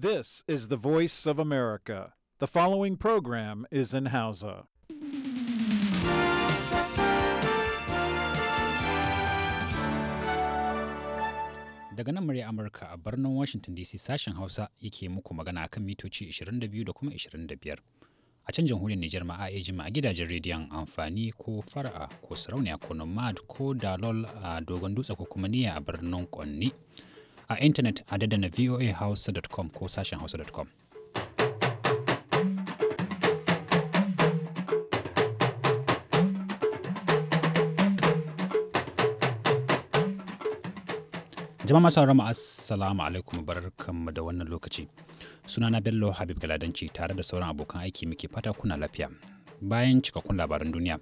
This is the voice of America. The following program is in Hausa. Daga nan murya Amurka a birnin Washington DC sashen Hausa yake muku magana kan mitoci 22 da kuma 25. A can jamhuriyar Nijar ma a jima a gidajen rediyon amfani ko fara'a ko sarauniya ko nomad ko dalol a dogon dutse ko kuma niyya a birnin Kwanni. a intanet a dadana voahausa.com ko sashen hausa.com. jama'a masu haramu assalamu alaikum kama da wannan lokaci sunana bello habib galadanci tare da sauran abokan aiki muke fata kuna lafiya bayan cikakkun labaran duniya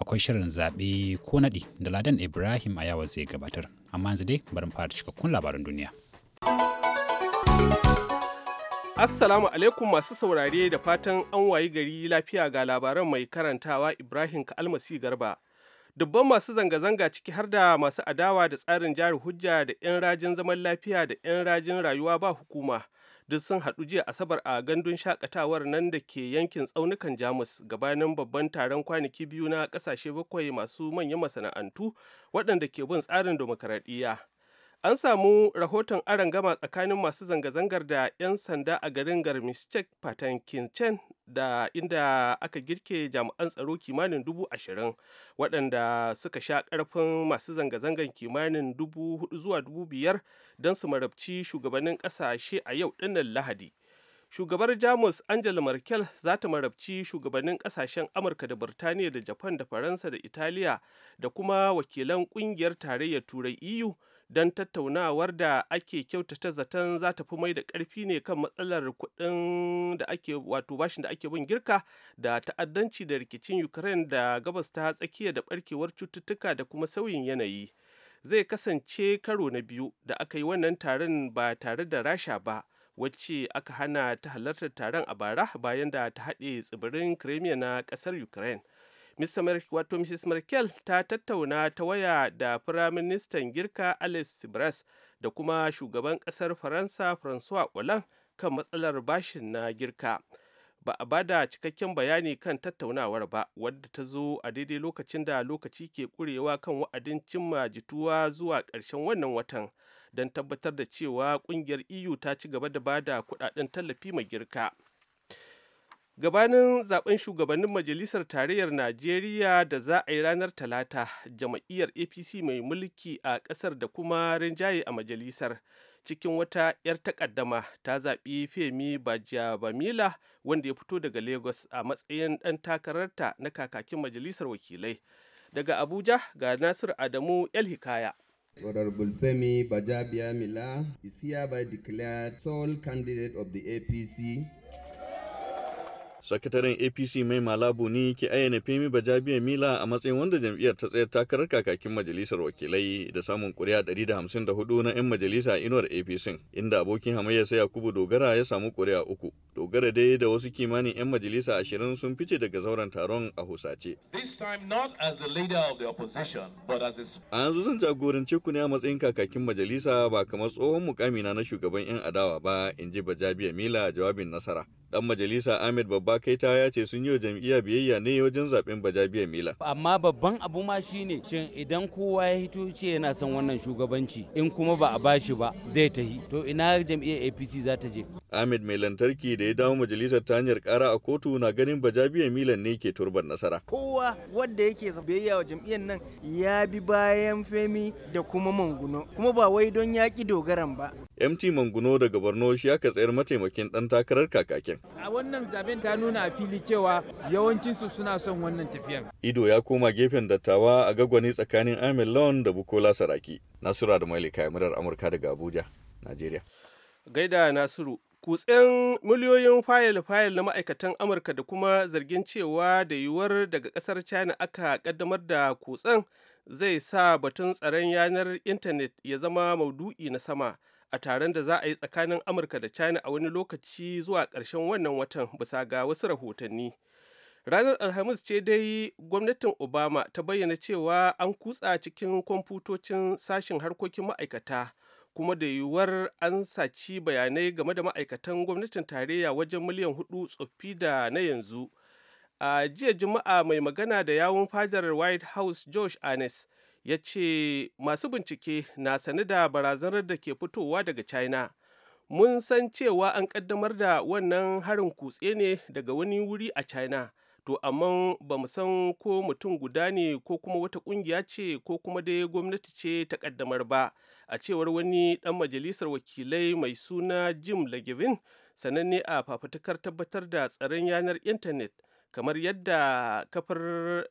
akwai shirin zaɓe ko naɗi da ladan ibrahim ayawa zai gabatar amma yanzu dai bari mu fara cikakkun labaran duniya Assalamu alaikum masu saurare da fatan an wayi gari lafiya ga labaran mai karantawa Ibrahim Kalmasi Garba. Dubban masu zanga-zanga ciki har da masu adawa da tsarin jari hujja da 'yan rajin zaman lafiya da 'yan rajin rayuwa ba hukuma duk sun haɗu jiya asabar a gandun shakatawar nan da ke yankin tsaunukan jamus gabanin babban taron kwanaki biyu na ƙasashe bakwai masu manyan masana'antu waɗanda ke bin tsarin dimokuraɗiyya an samu rahoton aron gama tsakanin masu zanga-zangar da 'yan sanda a garin garmishek patankincen da inda aka girke jami'an tsaro kimanin dubu ashirin waɗanda suka sha ƙarfin masu zanga-zangar kimanin dubu hudu zuwa dubu biyar don su marabci shugabannin ƙasashe a yau ɗinnan lahadi shugabar jamus angela merkel za ta marabci shugabannin ƙasashen amurka da birtaniya da japan da faransa da italiya da kuma wakilan kungiyar tarayyar turai eu don tattaunawar da ake kyautata zaton za ta fi mai da ƙarfi ne kan matsalar kuɗin da ake wato bashin da ake bin girka da ta'addanci da rikicin ukraine da gabas ta tsakiya da barkewar cututtuka da kuma sauyin yanayi zai kasance karo na biyu da aka yi wannan taron ba tare da rasha ba wacce aka hana ta halartar taron a bara bayan da ta haɗe tsibirin crimea na ƙasar ukraine wato mrs merkel ta tattauna ta waya da firaministan girka Alice Bras da kuma shugaban ƙasar faransa François hollande kan matsalar bashin na girka ba a bada cikakken bayani kan tattaunawar ba wadda ta zo a daidai lokacin da lokaci ke kurewa kan wa'adin cimma jituwa zuwa ƙarshen wannan watan don tabbatar da cewa ƙungiyar eu ta ci gaba da bada kuɗaɗen tallafi mai girka gabanin zaben shugabannin majalisar tarayyar najeriya da za a yi ranar talata jama'iyyar apc mai mulki a kasar da kuma rinjaye a majalisar cikin wata 'yar takaddama ta zaɓi femi bajabamila wanda ya fito daga lagos a matsayin ɗan takararta na kakakin majalisar wakilai daga abuja ga nasir adamu el hikaya Honorable Femi Bajabia is hereby declared sole candidate of the APC Sakataren APC mai malabu ne ke ayyana Femi Bajabiya Mila a matsayin wanda jam'iyyar ta tsayar takarar kakakin majalisar wakilai da samun kuri'a 154 na 'yan majalisa inuwar APC inda abokin hamayya sai Yakubu Dogara ya samu kuri'a uku. Dogara dai da wasu kimanin 'yan majalisa ashirin sun fice daga zauren taron a husace. A yanzu zan jagorance ku ne a matsayin kakakin majalisa ba kamar tsohon mukamina na shugaban 'yan adawa ba in ji Bajabiya Mila jawabin nasara. Dan majalisa Ahmed Babba Kaita ya ce sun yi wa jam'iyya biyayya ne wajen zaben bajabiyar Mila. Amma babban abu ma shine shin idan kowa ya hito ce yana son wannan shugabanci in kuma ba a bashi ba zai tahi to ina jam'iyyar APC za ta je. Ahmed mai lantarki da ya dawo majalisar ta hanyar kara a kotu na ganin jabiya Milan ne ke turban nasara. Kowa wadda yake biyayya wa jam'iyyar nan ya bi bayan Femi da kuma Manguno kuma ba wai don yaƙi dogaran ba. MT Manguno daga Borno shi aka tsayar mataimakin ɗan takarar kakakin. A wannan zaben ta nuna a fili cewa yawancinsu suna son wannan tafiyan. Ido ya koma gefen dattawa a gagwani tsakanin Ahmed Lawan da Bukola Saraki. Nasiru da Malika Yamirar Amurka daga Abuja, Najeriya. Gaida Nasiru kutsen miliyoyin fayil-fayil na ma'aikatan amurka da kuma zargin cewa da yiwuwar daga kasar china aka kaddamar da kutsen zai sa batun tsaron yanar intanet ya zama maudu'i na sama a taron da za a yi tsakanin amurka da china a wani lokaci zuwa ƙarshen wannan watan bisa ga wasu rahotanni ranar alhamis ce dai gwamnatin obama ta bayyana cewa an kutsa cikin kwamfutocin sashen harkokin ma'aikata kuma da yiwuwar an saci bayanai game da ma'aikatan gwamnatin tarayya wajen miliyan hudu tsoffi da na yanzu a jiya juma'a mai magana da yawun fadar white house josh anes ya ce masu bincike na sane da barazanar da ke fitowa daga china mun san cewa an kaddamar da wannan harin kutse ne daga wani wuri a china to amma ba mu san ko mutum guda ne ko kuma wata kungiya ce ko kuma dai gwamnati ce ta kaddamar ba a cewar wani dan majalisar wakilai mai suna jim lagivin sananne a fafutukar tabbatar da tsaron yanar intanet kamar yadda kafar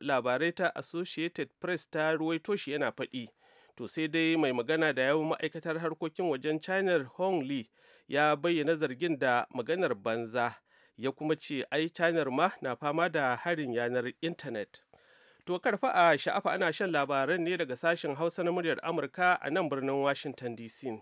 labarai ta associated press ta ruwaito shi yana faɗi to sai dai mai magana da yawon ma'aikatar harkokin wajen china hong li ya bayyana zargin da maganar banza ya kuma ce ai China ma na fama da harin yanar intanet. To karfa a sha'afa ana shan labaran ne daga sashen Hausa na muryar Amurka a nan birnin Washington DC.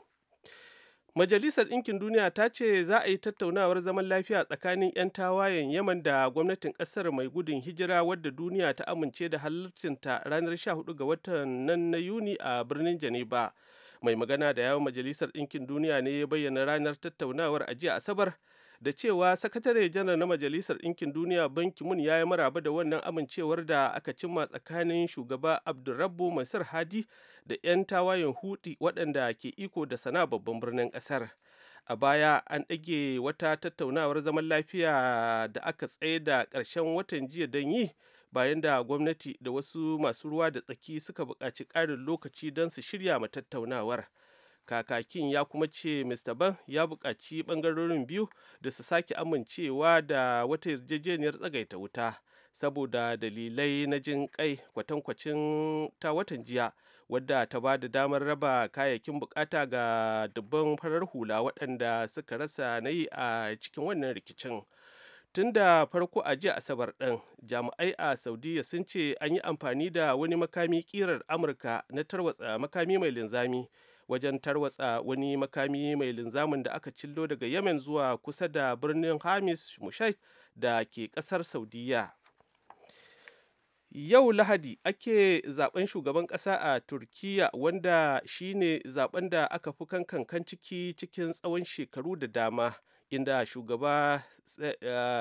Majalisar Ɗinkin Duniya ta ce za a yi tattaunawar zaman lafiya tsakanin 'yan tawayen Yaman da gwamnatin ƙasar mai gudun hijira wadda duniya ta amince da halarcinta ranar 14 ga watan nan na Yuni a birnin Geneva. Mai magana da yawon Majalisar Ɗinkin Duniya ne ya bayyana ranar tattaunawar a jiya Asabar da cewa sakatare janar na majalisar ɗinkin duniya banki mun ya yi maraba da wannan amincewar da aka cimma tsakanin shugaba abdurrabbu mansur hadi da 'yan tawayen huti waɗanda ke iko da sana babban birnin ƙasar a baya an ɗage wata tattaunawar zaman lafiya da aka tsaye da ƙarshen watan jiya don yi bayan da gwamnati da wasu masu ruwa da tsaki suka buƙaci ƙarin lokaci don su shirya ma tattaunawar. kakakin ya kuma ce mr ban ya buƙaci ɓangarorin biyu da su sake amincewa da wata yarjejeniyar tsagaita wuta saboda dalilai na jin kai kwatankwacin ta watan jiya wadda ta ba da damar raba kayayyakin bukata ga dubban farar hula waɗanda suka rasa na yi a cikin wannan rikicin tun da farko a jiya asabar ɗin jami'ai a saudiya sun ce an yi amfani da wani makami kirar amurka na tarwatsa makami mai linzami wajen tarwatsa wani makami mai linzamin da aka cillo daga yamen zuwa kusa da birnin hamis mushai da ke kasar saudiya yau lahadi ake zaben shugaban kasa a turkiya wanda shine zaben da aka fi kankan ciki cikin tsawon shekaru da dama inda shugaba eh,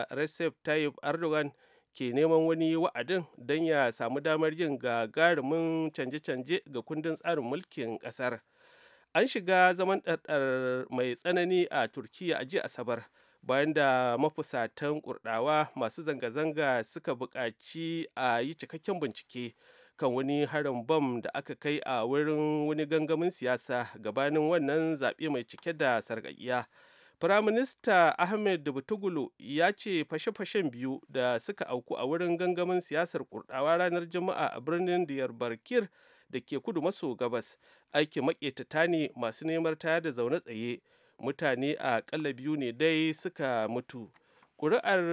recep tayyip erdogan ke neman wani wa'adin don ya samu damar yin gagarumin canje-canje ga kundin tsarin mulkin kasar an shiga zaman ɗarɗar mai tsanani a turkiya a jiya asabar bayan da mafusatan kurdawa masu zanga-zanga suka buƙaci a yi cikakken bincike kan wani harin bam da aka kai a wurin wani gangamin siyasa gabanin wannan zaɓe mai cike da sarƙaƙiya firaminista ahmed butugulu ya ce fashe-fashen biyu da suka auku a wurin gangamin siyasar kurdawa ranar juma'a a birnin Diyar Barkir. da ke kudu maso gabas aikin maƙetata ne masu neman tayar da zaune tsaye mutane a ƙalla biyu ne dai suka mutu ƙuri'ar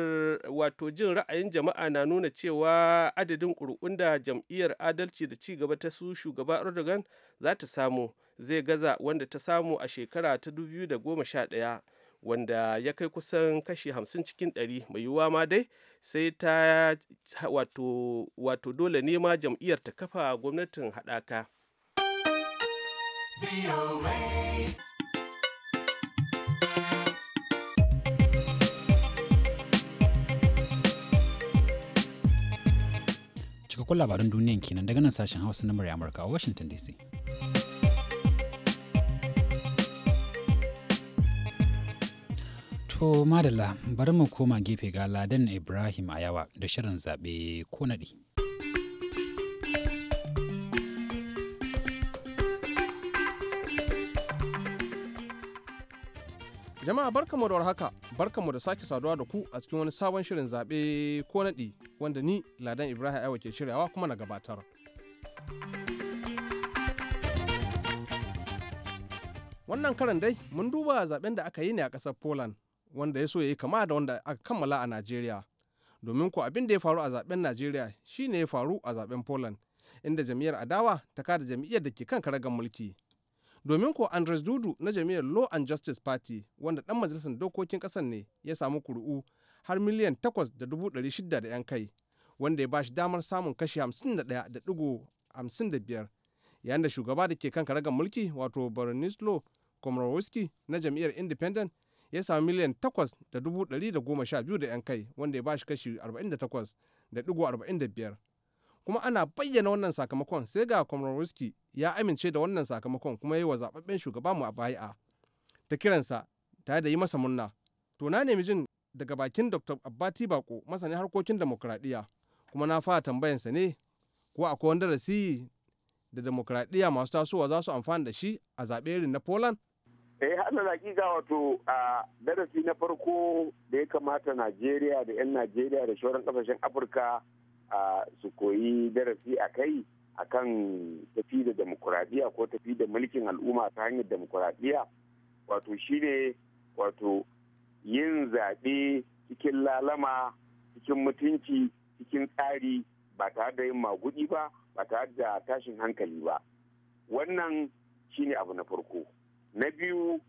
wato jin ra'ayin jama'a na nuna cewa adadin ƙuri'un da jam'iyyar adalci da ci gaba ta su shugaba erdogan za ta samu zai gaza wanda ta samu a shekara ta 2011 wanda ya kai kusan kashi 50 cikin ɗari mai yiwuwa ma dai sai ta wato, dole ne ma jam'iyyar ta kafa gwamnatin haɗaka. cikakkun labarin duniyan kenan daga nan sashen hausa na murya amurka a washington dc To madalla bari mu koma gefe ga Ladan Ibrahim Ayawa da shirin zaɓe ko naɗi. Jama'a barkamu da warhaka, mu da sake saduwa da ku a cikin wani sabon shirin zaɓe ko naɗi wanda ni Ladan Ibrahim Ayawa ke shiryawa kuma na gabatar. Wannan karan dai mun duba zaben da aka yi ne a ƙasar Poland wanda ya so ya yi kama da wanda aka kammala a Najeriya. Domin ko abin da ya faru a zaben Najeriya shi ne ya faru a zaben Poland, inda jam'iyyar adawa ta kada jam'iyyar da ke kan karagar mulki. Domin ko Andres Dudu na jam'iyyar Law and Justice Party, wanda ɗan majalisar dokokin ƙasar ne ya samu kuri'u har miliyan takwas da dubu ɗari shida da 'yan kai, wanda ya ba shi damar samun kashi hamsin da ɗaya da ɗigo hamsin da biyar. Yayin da shugaba da ke kan karagar mulki wato Bernice Law Komorowski na jam'iyyar Independent ya sami miliyan 8,112 da 'yan kai wanda ya ba shi kashi 48.45 kuma ana bayyana wannan sakamakon sai ga komoroski ya amince da wannan sakamakon kuma ya yi wa zababben shugaba mu a bai'a ta kiransa tare da yi masa murna to na nemi jin daga bakin dr abbati bako masanin harkokin demokradiyya kuma na fara tambayansa ne ko akwai wani darasi da demokradiyya masu tasowa za su amfana da shi a zaɓe irin na poland eh hannun hakika wato a darasi na farko da ya kamata najeriya da 'yan najeriya da shauran kasashen afirka su koyi darasi a kai a kan tafi da demokuraɗiyya ko tafi da mulkin al'umma ta hanyar demokuraɗiyya wato shine wato yin zaɓe cikin lalama cikin mutunci cikin tsari ba tare da yin maguɗi ba ba tare da tashin hankali ba wannan shine abu na farko na biyu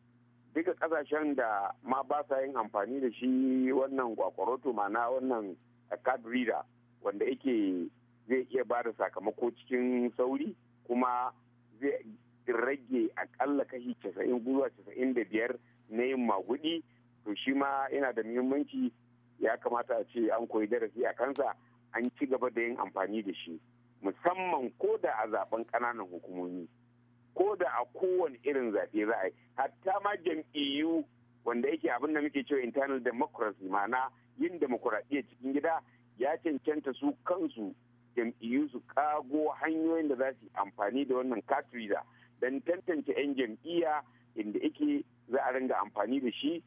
duka kasashen da ma ba sa yin amfani da shi wannan kwakwaroto mana wannan card reader wanda yake zai iya ba da sakamako cikin sauri kuma zai rage akalla kashi casa'in zuwa casa'in da biyar na yin magudi to shi ma yana da muhimmanci ya kamata a ce an koyi darasi a kansa an ci gaba da yin amfani da shi musamman ko da a zaben ƙananan hukumomi ko da a kowane irin zaɓe za a yi hatta ma jam'iyyu wanda yake abin da muke cewa internal democracy ma'ana yin demokuraɗiyya cikin gida ya cancanta su kansu jam'iyyu su kago hanyoyin da za su yi amfani da wannan katrida don tantance 'yan jam'iyya inda yake za a ringa amfani da shi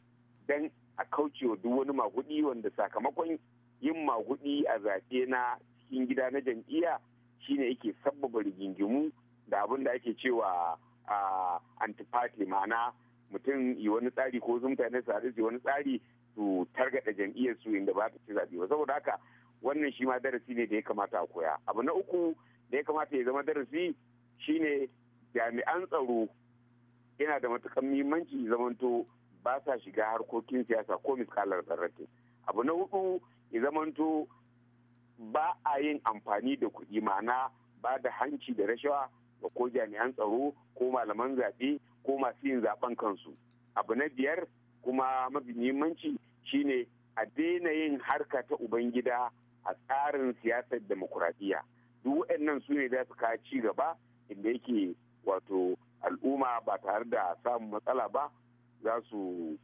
dan a kaucewa duk wani maguɗi wanda sakamakon yin maguɗi a zaɓe na cikin gida na jam'iyya shine yake sabbaba rigingimu da abin da ake cewa a antipati ma'ana mutum yi wani tsari ko zumta na su yi wani tsari su targaɗa jam'iyyar su inda ba ta ci zaɓe ba saboda haka wannan shi ma darasi ne da ya kamata a koya abu na uku da ya kamata ya zama darasi shine jami'an tsaro yana da matukan muhimmanci zamanto ba sa shiga harkokin siyasa ko miskalar zarratin abu na hudu ya zamanto ba a yin amfani da kuɗi ma'ana ba da hanci da rashawa ko jami'an tsaro ko malaman zaɓe ko masu yin zaɓen kansu abu na biyar kuma mafi muhimmanci shine a daina yin harka ta ubangida a tsarin siyasar demokuraɗiyya duk waɗannan su ne za su kawo ci gaba inda yake wato al'umma ba tare da samun matsala ba za su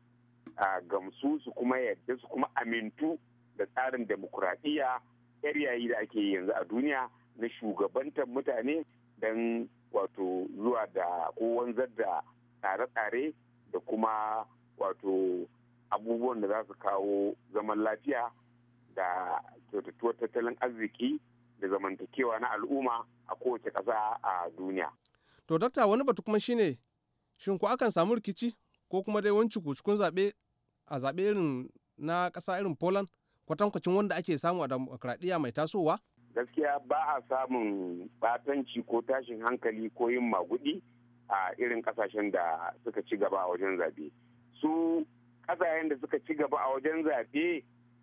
gamsu su kuma yadda su kuma amintu da tsarin demokuraɗiyya yar yayi da ake yanzu a duniya na shugabantar mutane don wato zuwa da ko wanzar da tsare-tsare da kuma wato abubuwan da za su kawo zaman lafiya da kyautatuwar tattalin arziki da zamantakewa na al'umma a kowace ƙasa a duniya. To, dakta wani batu kuma shine shin ko akan samu rikici ko kuma dai wani cikun zaɓe a zaɓe irin na ƙasa irin Poland kwatankwacin wanda ake samu a mai tasowa? gaskiya ba a samun batanci ko tashin hankali ko yin magudi a irin kasashen da suka ci gaba a wajen zaɓe su kasashen da suka ci gaba a wajen zaɓe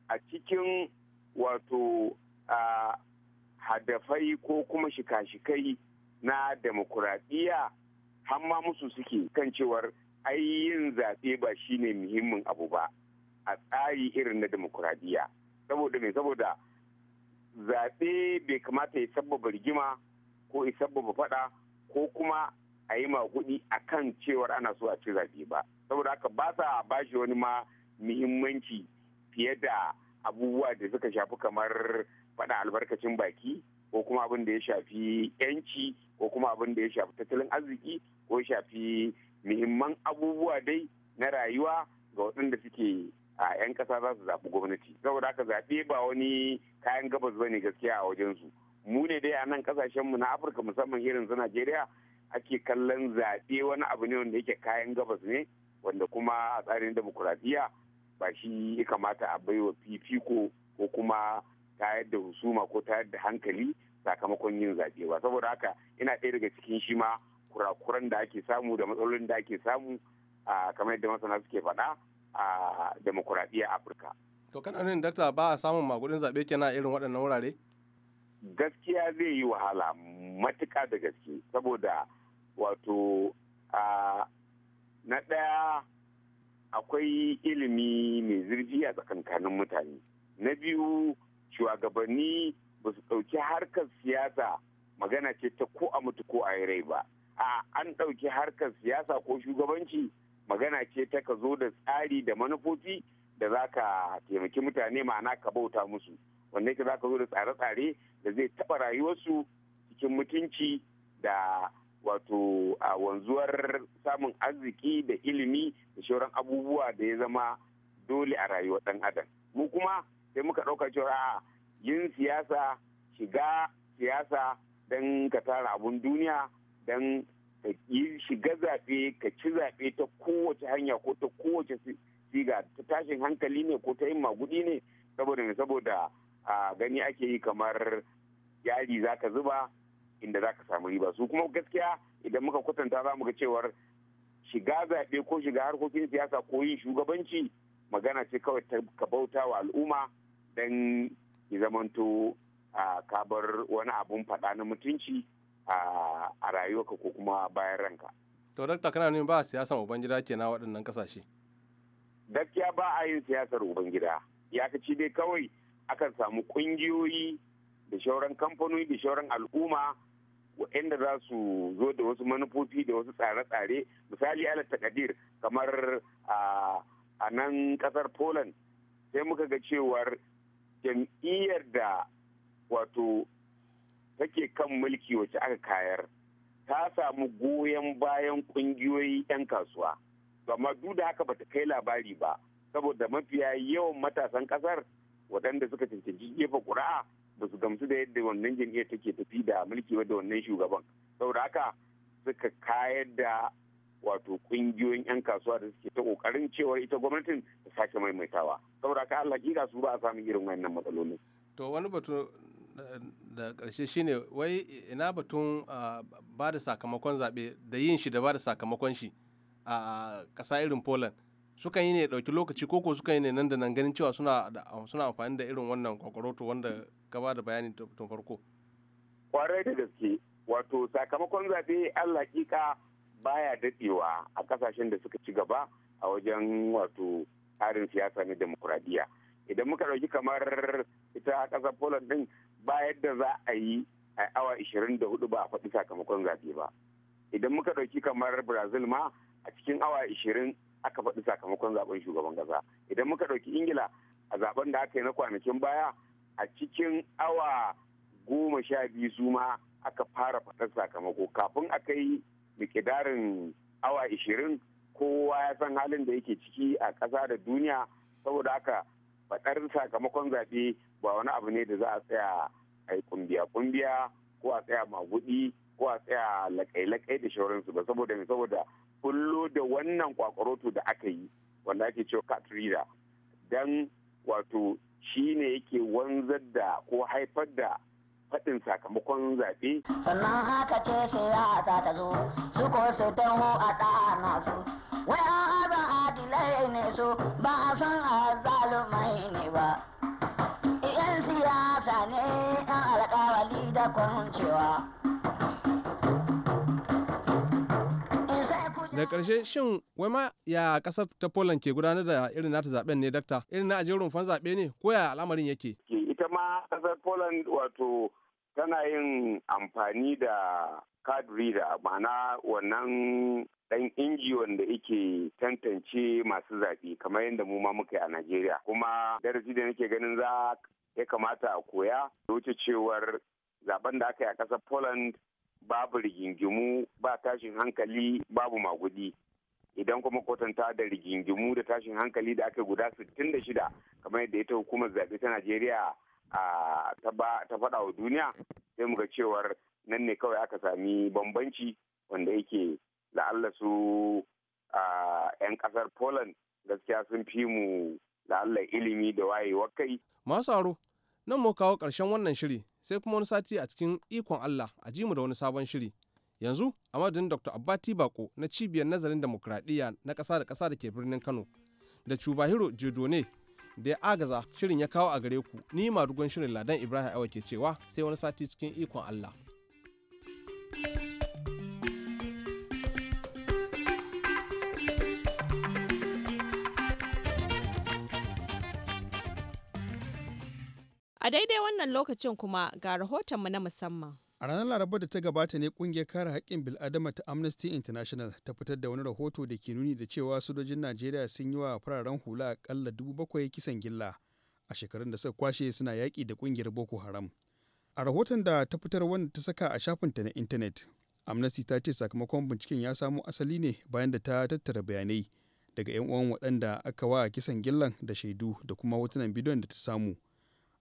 a cikin wato hadafai ko kuma shika-shikai na demokuraɗiyya hamma musu suke kan cewar ai yin zaɓe ba shine muhimmin abu ba a tsari irin na demokuraɗiyya saboda me saboda zaɓe bai kamata ya sabbaba rigima ko ya sabbaba faɗa ko kuma a yi maguɗi a kan cewar ana so a ci zaɓe ba saboda haka ba sa ba shi wani ma muhimmanci fiye da abubuwa da suka shafi kamar faɗa albarkacin baki ko kuma abin da ya shafi yanci ko kuma abin da ya shafi tattalin arziki ko ya shafi muhimman abubuwa dai na rayuwa ga waɗanda suke a 'yan kasa za su zaɓi gwamnati saboda haka zaɓe ba wani kayan gabas bane gaskiya a wajen su mu ne dai a nan kasashen mu na afirka musamman irin su najeriya ake kallon zaɓe wani abu ne wanda yake kayan gabas ne wanda kuma a tsarin demokuraɗiyya ba shi ya kamata a baiwa fifiko ko kuma tayar da husuma ko tayar da hankali sakamakon yin zaɓe ba saboda haka ina ɗaya daga cikin shi ma kurakuran da ake samu da matsalolin da ake samu a kamar yadda masana suke faɗa a demokuraɗiyya afirka to kana nan dakta ba a samun magudin zaɓe kenan irin waɗannan wurare gaskiya zai yi wahala matuka da gaske saboda wato na ɗaya akwai ilimi mai zurfi a tsakankanin mutane na biyu shugabanni ba su ɗauki harkar siyasa magana ce ta ko a mutu ko a yi rai ba a an ɗauki harkar siyasa ko shugabanci magana ce ta ka zo da tsari da manufofi da za ka taimaki mutane ma'ana ka bauta musu wanda yake za ka zo da tsare-tsare da zai taɓa rayuwarsu cikin mutunci da wato a wanzuwar samun arziki da ilimi da shauran abubuwa da ya zama dole a rayuwar ɗan adam mu kuma sai muka ɗauka cewa yin siyasa shiga siyasa don ka tara abun duniya don ka shiga zaɓe ka ci zaɓe ta kowace hanya ko ta kowace siga ta tashin hankali ne ko ta yin magudi ne saboda saboda a gani ake yi kamar yari za ka zuba inda za ka samu riba su kuma gaskiya idan muka kwatanta za mu ga cewar shiga zaɓe ko shiga harkokin siyasa ko yin shugabanci magana ce kawai ka bauta wa al'umma don ki zamanto a kabar wani abun faɗa na mutunci a rayuwarka ko kuma bayan ranka to dakta kana nuna ba siyasan ubangida na waɗannan kasashe gaskiya ba a yin siyasar ubangida ya ci dai kawai akan samu ƙungiyoyi da shauran kamfanoni da shauran al'umma waɗanda za su zo da wasu manufofi da wasu tsare-tsare misali ala takadir kamar a nan ƙasar poland sai muka ga cewar jam'iyyar da wato take kan mulki wacce aka kayar ta samu goyon bayan kungiyoyi 'yan kasuwa amma duk da haka bata kai labari ba saboda mafiya yawan matasan kasar waɗanda suka cancanci jefa ƙuri'a ba su gamsu da yadda wannan jam'iyyar take tafi da mulki da wannan shugaban saboda haka suka kayar da wato kungiyoyin 'yan kasuwa da suke ta kokarin cewar ita gwamnatin ta sake maimaitawa saboda haka Allah su ba a samun irin wannan matsalolin to wani batu da ƙarshe shine wai ina batun ba da sakamakon zaɓe da yin shi da ba da sakamakon shi a ƙasa irin poland sukan yi ne ɗauki lokaci koko sukan yi ne nan da nan ganin cewa suna amfani da irin wannan kwakwaroto wanda ka ba da bayani tun farko kwarai da gaske wato sakamakon zaɓe allah hakika baya daɗewa a kasashen da suka ci gaba a wajen wato tsarin siyasa na demokuraɗiyya idan muka ɗauki kamar ita ƙasar poland din ba yadda za a yi a awa 24 ba a faɗi sakamakon zaɓe ba idan muka ɗauki kamar brazil ma a cikin awa 20 aka faɗi sakamakon zaben shugaban ƙasa idan muka ɗauki ingila a zaben da aka yi na kwanakin baya a cikin awa goma sha biyu su ma aka fara faɗar sakamako kafin a kai mikidarin awa 20 kowa ya san halin da yake ciki a ƙasa da duniya saboda haka faɗar sakamakon zaɓe ba wani abu ne da za a tsaya a yi kumbiya-kumbiya ko a tsaya magudi ko a tsaya lakai-lakai da shauransu ba saboda mai saboda kullo da wannan kwakwaroto da aka yi wanda ake cewa katrina don wato shi ne yake wanzar da ko haifar da faɗin sakamakon zaɓe. sannan haka ce ya ta zo su ko su taho a ɗana su wai an haɗa adilai ne su ba a san zalumai ne ba yan siyasa ne yan alƙawali da kwancewa. Eh, da ƙarshe shin wai ma ya ƙasar ta poland ke gudanar da irin nata zaben ne dakta irin na ajin rumfan zaɓe ne ko ya al'amarin yake ita ma ƙasar poland wato tana yin amfani da card reader ma'ana wannan dan inji wanda yake tantance masu zaɓe kamar yadda mu ma muka yi a Najeriya kuma darasi da nake ganin za ya kamata a koya wuce cewar zaben da aka yi a ƙasar Poland babu rigingimu ba tashin hankali babu magudi idan kuma kwatanta da rigingimu da tashin hankali da aka guda 66 kamar yadda ita hukumar zaɓe ta Najeriya ta faɗa wa duniya sai muga cewar nan ne kawai aka sami bambanci wanda yake la'alla su 'yan ƙasar poland gaskiya sun fi mu la'alla ilimi da waye kai masu aro nan mu kawo ƙarshen wannan shiri sai kuma wani sati a cikin ikon allah a ji mu da wani sabon shiri yanzu a madadin dr abbati bako na cibiyar nazarin demokradiyya na ƙasa da ƙasa da ke birnin kano da cubahiro jodone da ya agaza shirin ya kawo a gare ku ni madugon shirin ladan ibrahim awa ke cewa sai wani sati cikin ikon allah a daidai wannan lokacin kuma ga rahoton rahotonmu na musamman A ranar Larabar da ta gabata ne kungiyar kare haƙƙin bil'adama ta Amnesty International ta fitar da wani rahoto da ke nuni da cewa sojojin Najeriya sun yi wa fararen hula akalla dubu bakwai kisan gilla a shekarun da suka kwashe suna yaƙi da kungiyar Boko Haram. A rahoton da ta fitar wanda ta saka a shafinta na intanet, Amnesty ta ce sakamakon binciken ya samo asali ne bayan da ta tattara bayanai daga 'yan uwan waɗanda aka wa kisan gillan da shaidu da kuma hotunan bidiyon da ta samu.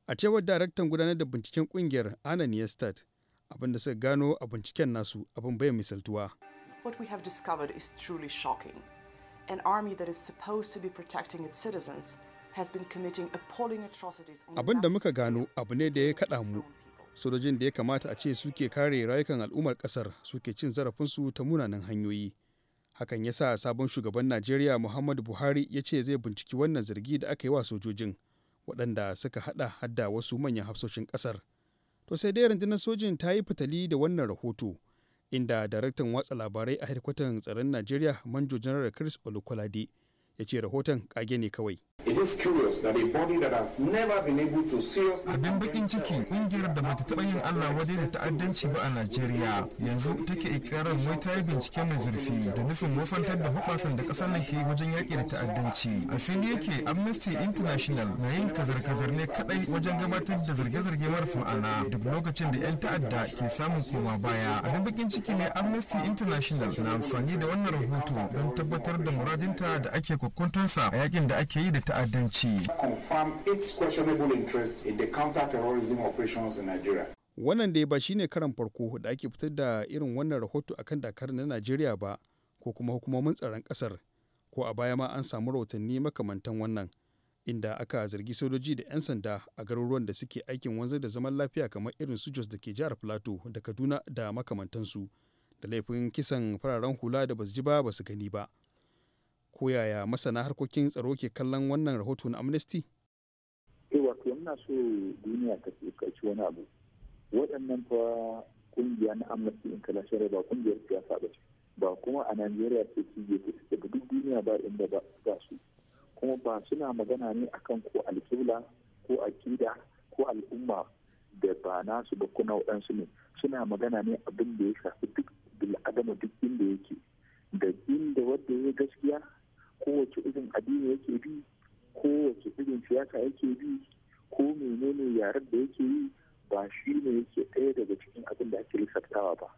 A cewar daraktan gudanar da binciken kungiyar Ananias Stat, abin da suka gano a binciken nasu abin bayan misaltuwa what we have discovered is truly shocking an army that is supposed to be protecting its citizens has been committing appalling atrocities abin da muka gano abu ne da ya kaɗa mu sojojin da ya kamata a ce suke kare rayukan al'ummar ƙasar suke cin zarafin su ta munanan hanyoyi hakan ya sa sabon shugaban najeriya muhammadu buhari ya ce zai binciki wannan zargi da aka yi wa sojojin waɗanda suka haɗa hadda wasu manyan hafsoshin ƙasar To sai dai rundunar sojin ta yi fitali da wannan rahoto inda daraktan watsa labarai a hedkwatan tsaron Najeriya Manjo Janar Chris Olukolade ya ce rahoton kage ne kawai Abin bakin ciki ƙungiyar da bata taɓa yin Allah waje da ta'addanci ba a Najeriya yanzu take ikirarin wai ta yi bincike mai zurfi da nufin wafantar da hoɓasan da ƙasar nan ke wajen yaƙi da ta'addanci. A fili yake Amnesty International na yin kazar-kazar ne kaɗai wajen gabatar da zarge-zarge marasa ma'ana duk lokacin da 'yan ta'adda ke samun koma baya. Abin bakin ciki ne Amnesty International na amfani da wannan rahoto don tabbatar da muradinta da ake kokwantonsa a yakin da ake yi da ta'addanci. Wannan dai ba shine karan farko da ake fitar da irin wannan rahoto akan Dakar na Najeriya ba ko kuma hukumomin tsaron kasar ko a baya ma an samu rahotanni makamantan wannan inda aka zargi sojoji da 'yan sanda a garuruwan da suke aikin wanzar da zaman lafiya kamar irin su Jos da ke jihar Plateau da Kaduna da makamantansu da laifin kisan fararen hula da basu ji ba basu gani ba. ko yaya masana harkokin tsaro ke kallon wannan rahoto na amnesty eh, wato muna so duniya ta tsokaci wani abu waɗannan fa kungiya na amnesty international ba kungiyar siyasa ba ba kuma a najeriya ce cije ta daga duk duniya ba inda ba su kuma ba suna magana ne akan ko alƙibla ko akida ko al'umma da ba nasu ba kuna waɗansu ne suna magana ne abin da ya shafi duk bil'adama duk inda yake da inda wanda ya gaskiya kowace irin addini yake bi kowace irin siyasa yake bi ko menene yaren da yake yi ba shi ne yake ɗaya daga cikin abin da ake lissaftawa ba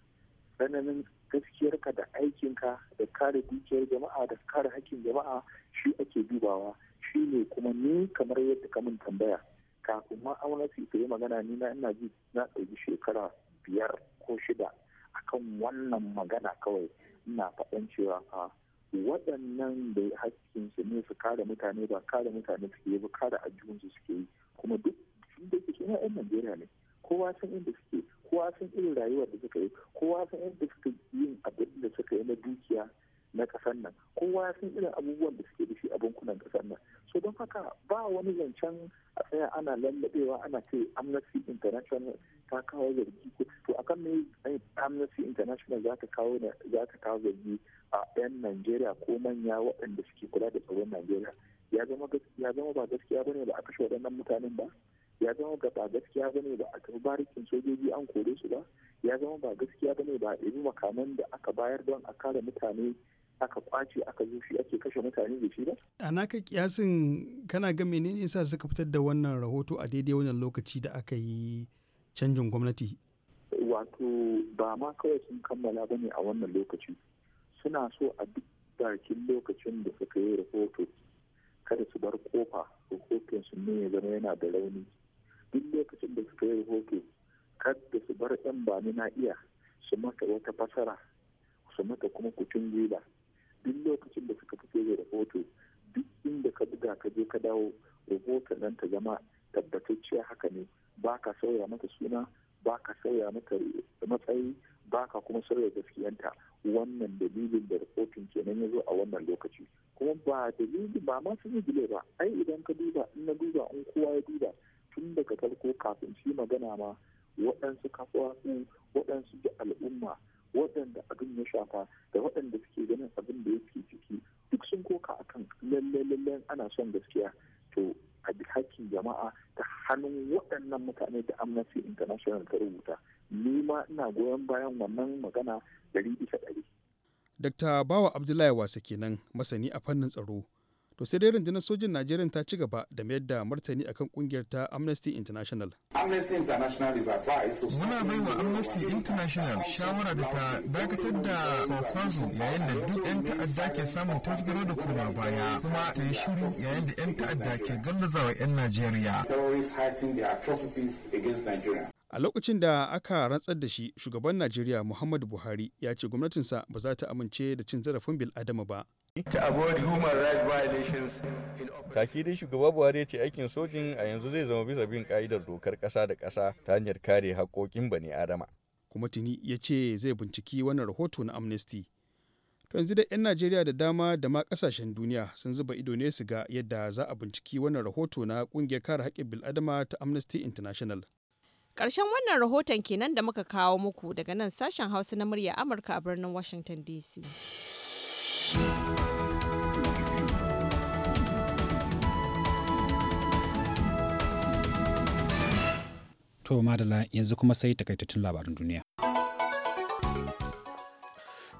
tsananin gaskiyarka da aikinka da kare dukiyar jama'a da kare hakkin jama'a shi ake dubawa shi ne kuma ni kamar yadda ka min tambaya kafin ma aunasi ta yi magana ni na ina ji na ɗauki shekara biyar ko shida akan wannan magana kawai ina faɗan cewa a ah, waɗannan da haƙƙin su ne su kare mutane ba kare mutane suke yi ba kare ajiyunsu suke yi kuma duk sun da ke yan najeriya ne kowa san inda suke kowa san irin rayuwar da suka yi kowa san inda suka yin abin da suka yi na dukiya na ƙasar nan kowa san irin abubuwan da suke da shi a bankunan ƙasar nan so don haka ba wani zancen a tsaya ana lallabewa ana ce amnesty international ta kawo zargi ko to akan me amnesty international za ta kawo zargi a 'yan najeriya ko manya waɗanda suke kula da tsaron najeriya ya zama ba gaskiya bane ba a kashe waɗannan mutanen ba ya zama ba gaskiya bane ba a tafi barikin sojoji an kore su ba ya zama ba gaskiya bane ba a ɗebi makaman da aka bayar don a kare mutane aka kwace aka zo shi ake kashe mutane da shi ba. A naka kiyasin kana ga menene yasa suka fitar da wannan rahoto a daidai wannan lokaci da aka yi canjin gwamnati? Wato ba ma kawai sun kammala ba ne a wannan lokaci. suna so a duk bakin lokacin da suka yi rahoto kada su bar kofa rahoton su ne ya zama yana da rauni duk lokacin da suka yi rahoto kada su bar yan bani na iya su mata wata fasara su mata kuma kucin gwiwa duk lokacin da suka fito da rahoto duk inda ka buga ka je ka dawo rahoton nan ta zama tabbatacciya haka ne ba ka sauya mata suna ba ka sauya mata matsayi ba ka kuma sauya gaskiyanta wannan dalilin da rahoton kenan ya zo a wannan lokaci kuma ba dalili ba ma sun yi ba ai idan ka duba in na duba in kowa ya duba tun daga farko kafin shi magana ma waɗansu kafafu waɗansu da al'umma waɗanda abin ya shafa da waɗanda suke ganin abin da yake ciki duk sun koka akan lalle lalle ana son gaskiya to a hakkin jama'a ta hannun waɗannan mutane da amnesty international ta rubuta ni ma ina goyon bayan wannan magana Dakta Bawa Abdullahi Wasa kenan masani a fannin tsaro. To sai dai rundunar sojin Najeriya ta ci gaba da mayar da martani akan kungiyar ta Amnesty International. Muna bai wa Amnesty International shawara da ta dakatar da kwakwazo yayin da duk 'yan ta'adda ke samun tasgaro da koma baya kuma ta yi shiru yayin da 'yan ta'adda ke gallazawa 'yan Najeriya. A lokacin da aka rantsar da shi, shugaban Najeriya Muhammadu Buhari ya ce gwamnatinsa ba za ta amince da cin zarafin bil'adama ba. Take dai shugaba Buhari ya ce aikin sojin a yanzu zai zama bisa bin ka'idar dokar kasa da ƙasa ta hanyar kare haƙoƙin bani adama. Kuma tuni ya ce zai binciki wannan rahoto na Amnesty. To yanzu da 'yan Najeriya da dama da ma ƙasashen duniya sun zuba ido ne su ga yadda za a binciki wannan rahoto na ƙungiyar kare haƙƙin bil'adama ta Amnesty International. Ƙarshen wannan rahoton kenan da muka kawo muku daga nan sashen Hausa na murya Amurka a birnin Washington DC. To Madala yanzu kuma sai takaitattun labarin duniya.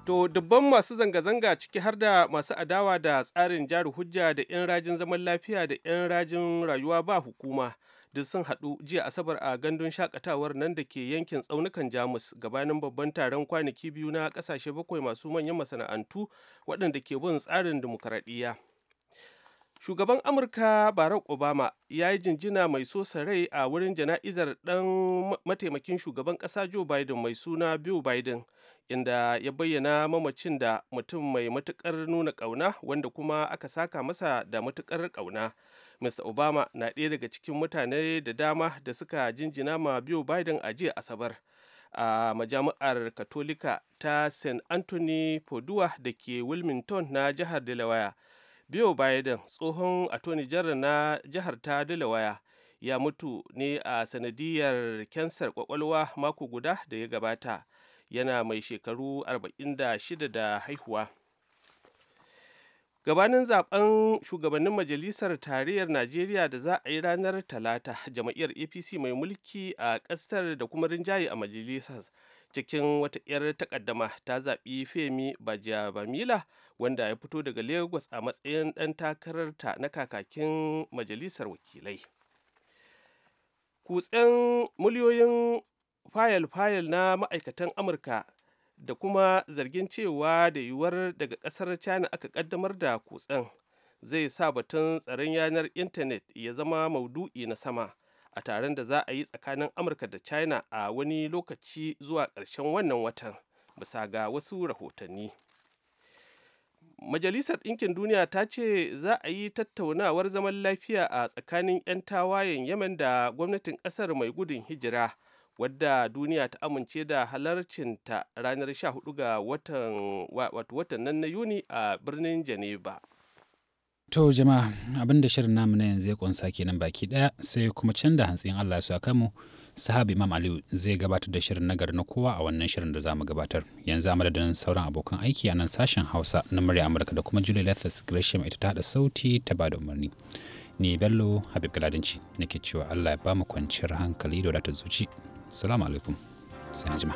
To dubban masu zanga-zanga ciki har da masu adawa da tsarin jari hujja da 'yan rajin zaman lafiya da 'yan rajin rayuwa ba hukuma duk sun haɗu jiya asabar a gandun shakatawar nan da ke yankin tsaunukan jamus gabanin babban taron kwanaki biyu na ƙasashe bakwai masu manyan masana'antu waɗanda ke bin tsarin dimokuraɗiyya shugaban amurka barack obama ya yi jinjina mai so rai a wurin jana'izar ɗan mataimakin shugaban ƙasa joe biden mai suna bill biden inda ya bayyana mamacin da mutum mai matukar nuna ƙauna wanda kuma aka saka masa da matukar ƙauna mr obama na ɗaya daga cikin mutane da dama da suka jinjina ma biyo biden a jiya asabar a majami'ar katolika ta st anthony Poduwa da ke wilmington na jihar delaware biyo biden tsohon atoni general na jihar ta delaware ya mutu ne a sanadiyar kyansar kwakwalwa mako guda da ya gabata yana mai shekaru 46 da haihuwa gabanin zaben shugabannin majalisar tarayyar najeriya da za a yi ranar talata jam'iyyar apc mai mulki a kasar da kuma rinjaye a majalisar cikin wata 'yar takaddama ta zaɓi femi bajabamila wanda ya fito daga lagos a matsayin ɗan takararta na kakakin majalisar wakilai kutsen miliyoyin fayil-fayil na ma'aikatan amurka da kuma zargin cewa da yiwuwar daga kasar china aka kaddamar da kutsen zai sa batun tsaron yanar intanet ya zama maudu'i na sama a taron da za a yi tsakanin amurka da china a wani lokaci zuwa ƙarshen wannan watan bisa ga wasu rahotanni majalisar ɗinkin duniya ta ce za a yi tattaunawar zaman lafiya a tsakanin 'yan tawayen yemen da gwamnatin ƙasar mai gudun hijira wadda duniya ta amince da halarcinta ranar 14 ga watan nan na yuni a birnin geneva To jama'a abin da shirin namu na yanzu ya kunsa kenan baki daya sai kuma can da hantsin Allah su aka mu sahabi Imam Aliyu zai gabatar da shirin nagari na kowa a wannan shirin da zamu gabatar yanzu a madadin sauran abokan aiki a nan sashen Hausa na murya Amurka da kuma Julie Lethas Gresham ita ta hada sauti ta ba da umarni ni Bello Habib Galadinci nake cewa Allah ya ba mu kwanciyar hankali da wadatar zuci Salamu alaikum. Sai na jima.